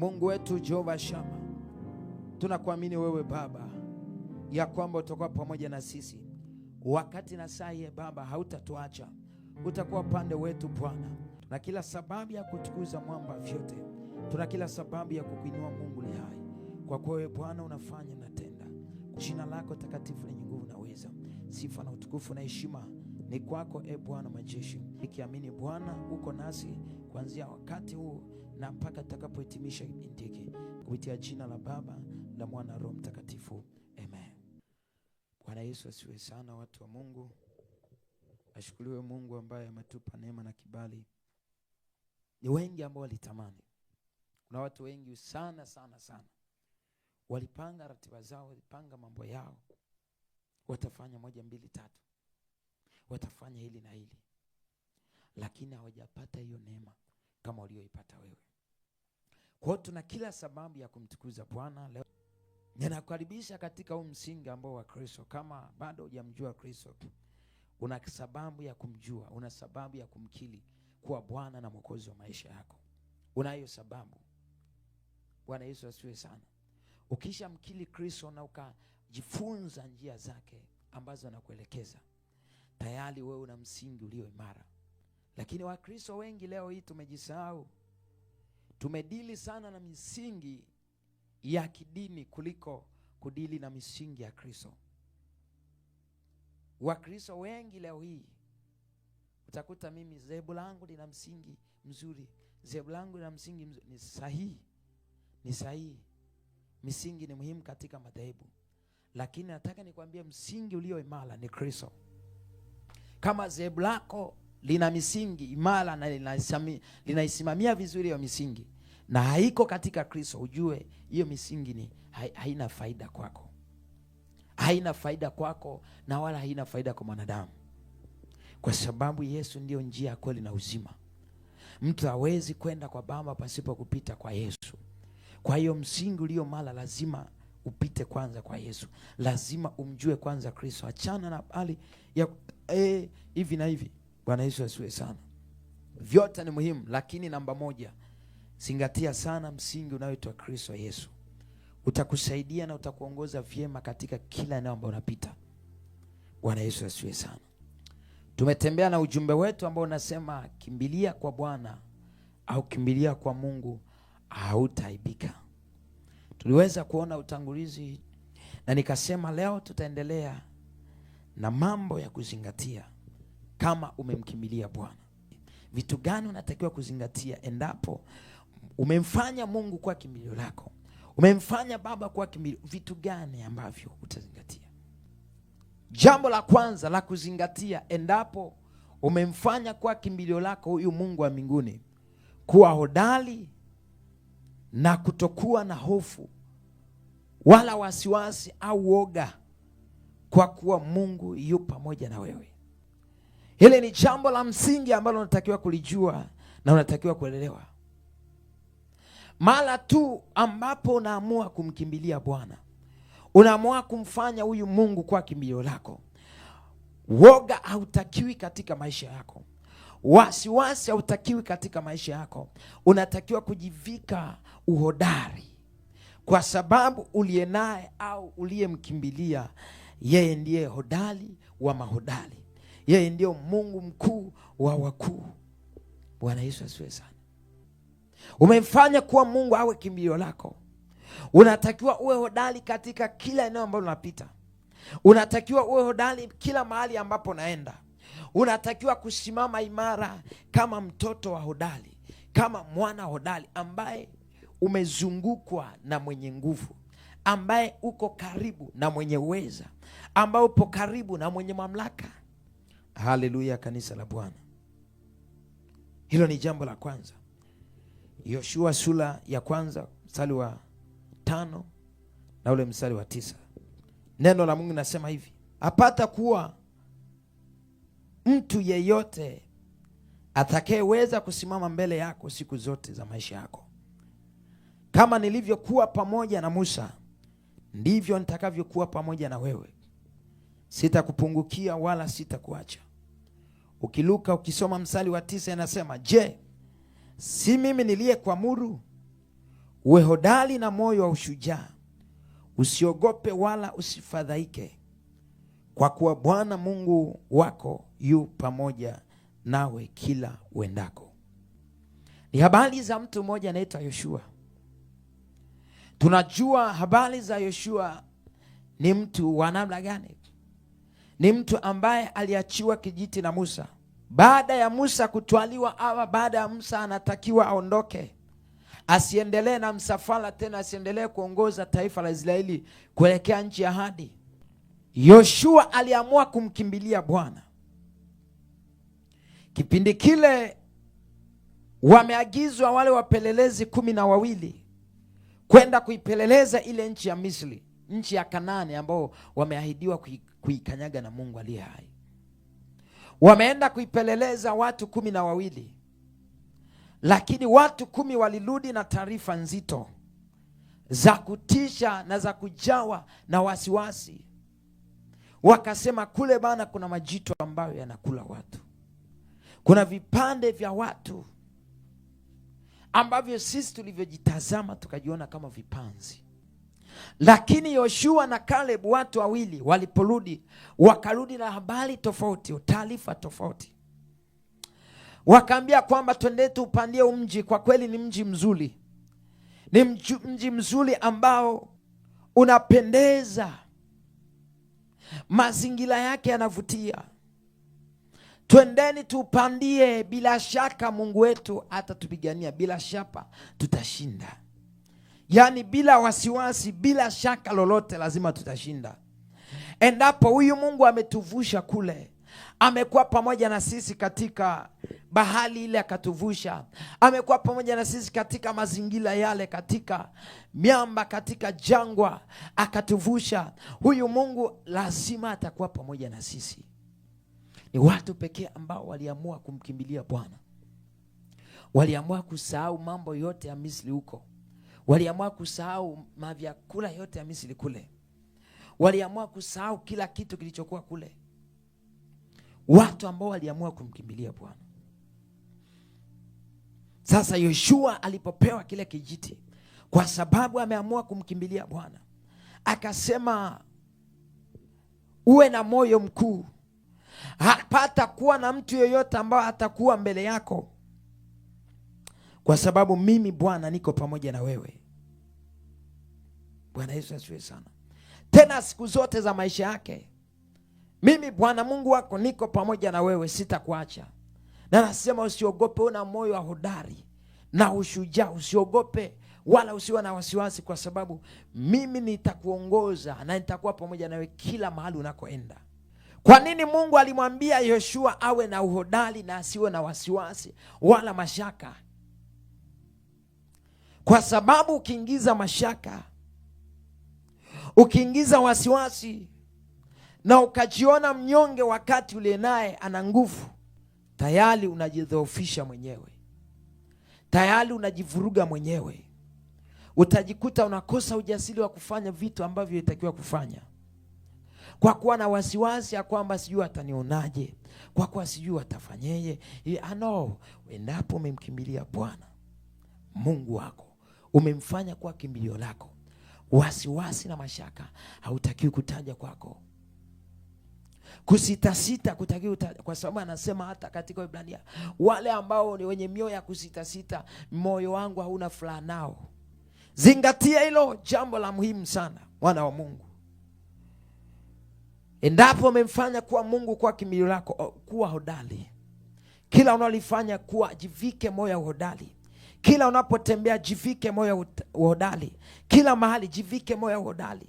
Mungu wetu Jehova Shama, tunakuamini wewe Baba ya kwamba utakuwa pamoja na sisi wakati na saa ye Baba, hautatuacha utakuwa pande wetu Bwana. Tuna kila sababu ya kutukuza mwamba vyote, tuna kila sababu ya kukuinua Mungu li hai, kwa kuwa wewe Bwana unafanya natenda. Jina lako takatifu lenye nguvu unaweza sifa na utukufu na heshima ni kwako, e Bwana majeshi, nikiamini Bwana uko nasi kuanzia wakati huu na mpaka tutakapohitimisha kipindi hiki, kupitia jina la Baba la Mwana Roho Mtakatifu, amen. Bwana Yesu asiwe sana, watu wa Mungu. Ashukuriwe Mungu ambaye ametupa neema na kibali. Ni wengi ambao walitamani, kuna watu wengi sana sana sana walipanga ratiba zao, walipanga mambo yao, watafanya moja mbili tatu watafanya hili na hili, lakini hawajapata hiyo neema kama ulioipata wewe. Kwa hiyo tuna kila sababu ya kumtukuza Bwana leo. Ninakukaribisha katika huu msingi ambao wa Kristo. Kama bado hujamjua Kristo, una sababu ya kumjua, una sababu ya kumkiri kuwa Bwana na Mwokozi wa maisha yako. Unayo sababu. Bwana Yesu asiwe sana. mkili Kristo na ukajifunza njia zake ambazo anakuelekeza tayari wewe una msingi ulio imara. Lakini Wakristo wengi leo hii tumejisahau, tumedili sana na misingi ya kidini kuliko kudili na misingi ya Kristo. Wakristo wengi leo hii utakuta, mimi zebu langu lina msingi mzuri, zebu langu lina msingi mzuri. Ni sahihi, ni sahihi, misingi ni muhimu katika madhehebu, lakini nataka nikwambie msingi ulio imara ni Kristo. Kama zehebu lako lina misingi imara na linaisimamia vizuri hiyo misingi na haiko katika Kristo, ujue hiyo misingi ni haina faida kwako, haina faida kwako na wala haina faida kwa mwanadamu, kwa sababu Yesu ndiyo njia ya kweli na uzima. Mtu hawezi kwenda kwa Baba pasipo kupita kwa Yesu. Kwa hiyo msingi ulio mara lazima upite kwanza kwa Yesu, lazima umjue kwanza Kristo. Achana na hali ya eh, hivi na hivi. Bwana Yesu asiwe sana. Vyote ni muhimu, lakini namba moja, zingatia sana msingi unaoitwa Kristo Yesu. Utakusaidia na utakuongoza vyema katika kila eneo ambalo unapita. Bwana Yesu asiwe sana. Tumetembea na ujumbe wetu ambao unasema kimbilia kwa Bwana au kimbilia kwa Mungu, hautaibika. Tuliweza kuona utangulizi na nikasema leo tutaendelea na mambo ya kuzingatia kama umemkimbilia Bwana. Vitu gani unatakiwa kuzingatia endapo umemfanya Mungu kuwa kimbilio lako, umemfanya Baba kuwa kimbilio? Vitu gani ambavyo utazingatia? Jambo la kwanza la kuzingatia endapo umemfanya kuwa kimbilio lako huyu Mungu wa mbinguni, kuwa hodali na kutokuwa na hofu wala wasiwasi au woga, kwa kuwa Mungu yu pamoja na wewe. Hili ni jambo la msingi ambalo unatakiwa kulijua na unatakiwa kuelewa. Mara tu ambapo unaamua kumkimbilia Bwana, unaamua kumfanya huyu Mungu kwa kimbilio lako, woga hautakiwi katika maisha yako. Wasiwasi hautakiwi katika maisha yako, unatakiwa kujivika uhodari, kwa sababu uliye naye au uliyemkimbilia yeye ndiye hodari wa mahodari, yeye ndiyo Mungu mkuu wa wakuu. Bwana Yesu asiwe sana. Umemfanya kuwa Mungu awe kimbilio lako. Unatakiwa uwe hodari katika kila eneo ambalo unapita, unatakiwa uwe hodari kila mahali ambapo unaenda. Unatakiwa kusimama imara kama mtoto wa hodari, kama mwana hodari ambaye umezungukwa na mwenye nguvu, ambaye uko karibu na mwenye uweza, ambaye upo karibu na mwenye mamlaka. Haleluya, kanisa la Bwana. Hilo ni jambo la kwanza. Yoshua sura ya kwanza mstari wa tano na ule mstari wa tisa neno la Mungu nasema hivi, apata kuwa mtu yeyote atakayeweza kusimama mbele yako siku zote za maisha yako. Kama nilivyokuwa pamoja na Musa, ndivyo nitakavyokuwa pamoja na wewe. Sitakupungukia wala sitakuacha. Ukiluka ukisoma msali wa tisa inasema, je, si mimi niliyekuamuru uwe hodari na moyo wa ushujaa, usiogope wala usifadhaike, kwa kuwa Bwana Mungu wako yu pamoja nawe kila uendako. Ni habari za mtu mmoja anaitwa Yoshua. Tunajua habari za Yoshua ni mtu wa namna gani? Ni mtu ambaye aliachiwa kijiti na Musa baada ya Musa kutwaliwa, ama baada ya Musa anatakiwa aondoke, asiendelee na msafara tena, asiendelee kuongoza taifa la Israeli kuelekea nchi ya hadi Yoshua aliamua kumkimbilia Bwana. Kipindi kile wameagizwa wale wapelelezi kumi na wawili kwenda kuipeleleza ile nchi ya Misri, nchi ya kanani ambao wameahidiwa kuikanyaga na Mungu aliye hai. Wameenda kuipeleleza watu kumi na wawili, lakini watu kumi walirudi na taarifa nzito za kutisha na za kujawa na wasiwasi. Wakasema kule bana, kuna majitu ambayo yanakula watu. Kuna vipande vya watu ambavyo sisi tulivyojitazama tukajiona kama vipanzi, lakini Yoshua na kaleb watu wawili waliporudi, wakarudi na habari tofauti, taarifa tofauti. Wakaambia kwamba twende tupandie mji, kwa kweli ni mji mzuri, ni mji mzuri ambao unapendeza, mazingira yake yanavutia Twendeni tupandie, bila shaka Mungu wetu atatupigania, bila shaka tutashinda. Yaani bila wasiwasi, bila shaka lolote, lazima tutashinda. Endapo huyu Mungu ametuvusha kule, amekuwa pamoja na sisi katika bahari ile akatuvusha, amekuwa pamoja na sisi katika mazingira yale, katika miamba, katika jangwa akatuvusha. Huyu Mungu lazima atakuwa pamoja na sisi. Ni watu pekee ambao waliamua kumkimbilia Bwana, waliamua kusahau mambo yote ya Misri huko, waliamua kusahau mavyakula yote ya Misri kule, waliamua kusahau kila kitu kilichokuwa kule, watu ambao waliamua kumkimbilia Bwana. Sasa Yoshua alipopewa kile kijiti, kwa sababu ameamua kumkimbilia Bwana, akasema uwe na moyo mkuu kuwa na mtu yoyote ambaye atakuwa mbele yako, kwa sababu mimi Bwana niko pamoja na wewe. Bwana Yesu asiwe sana tena siku zote za maisha yake. Mimi Bwana Mungu wako niko pamoja na wewe, sitakuacha. Na nasema usiogope, una moyo wa hodari na ushujaa. Usiogope wala usiwa na wasiwasi, kwa sababu mimi nitakuongoza na nitakuwa pamoja nawe kila mahali unakoenda. Kwa nini Mungu alimwambia Yoshua awe na uhodari na asiwe na wasiwasi wala mashaka? Kwa sababu ukiingiza mashaka, ukiingiza wasiwasi na ukajiona mnyonge wakati ule naye ana nguvu, tayari unajidhoofisha mwenyewe, tayari unajivuruga mwenyewe. Utajikuta unakosa ujasiri wa kufanya vitu ambavyo itakiwa kufanya kwa kuwa na wasiwasi ya kwamba sijui atanionaje, kwa kuwa sijui atafanyeje. Ano, endapo umemkimbilia Bwana Mungu wako, umemfanya kuwa kimbilio lako, wasiwasi na mashaka hautakiwi kutaja kwako kusitasita utaja, kwa sababu anasema hata katika Ibrania wale ambao ni wenye mioyo ya kusitasita, moyo wangu hauna furaha nao. Zingatia hilo jambo la muhimu sana, mwana wa Mungu. Endapo amemfanya kuwa Mungu kwa kimbilio lako, oh, kuwa hodari kila unalifanya, kuwa jivike moyo wa hodari kila unapotembea, jivike moyo wa hodari kila mahali, jivike moyo wa hodari.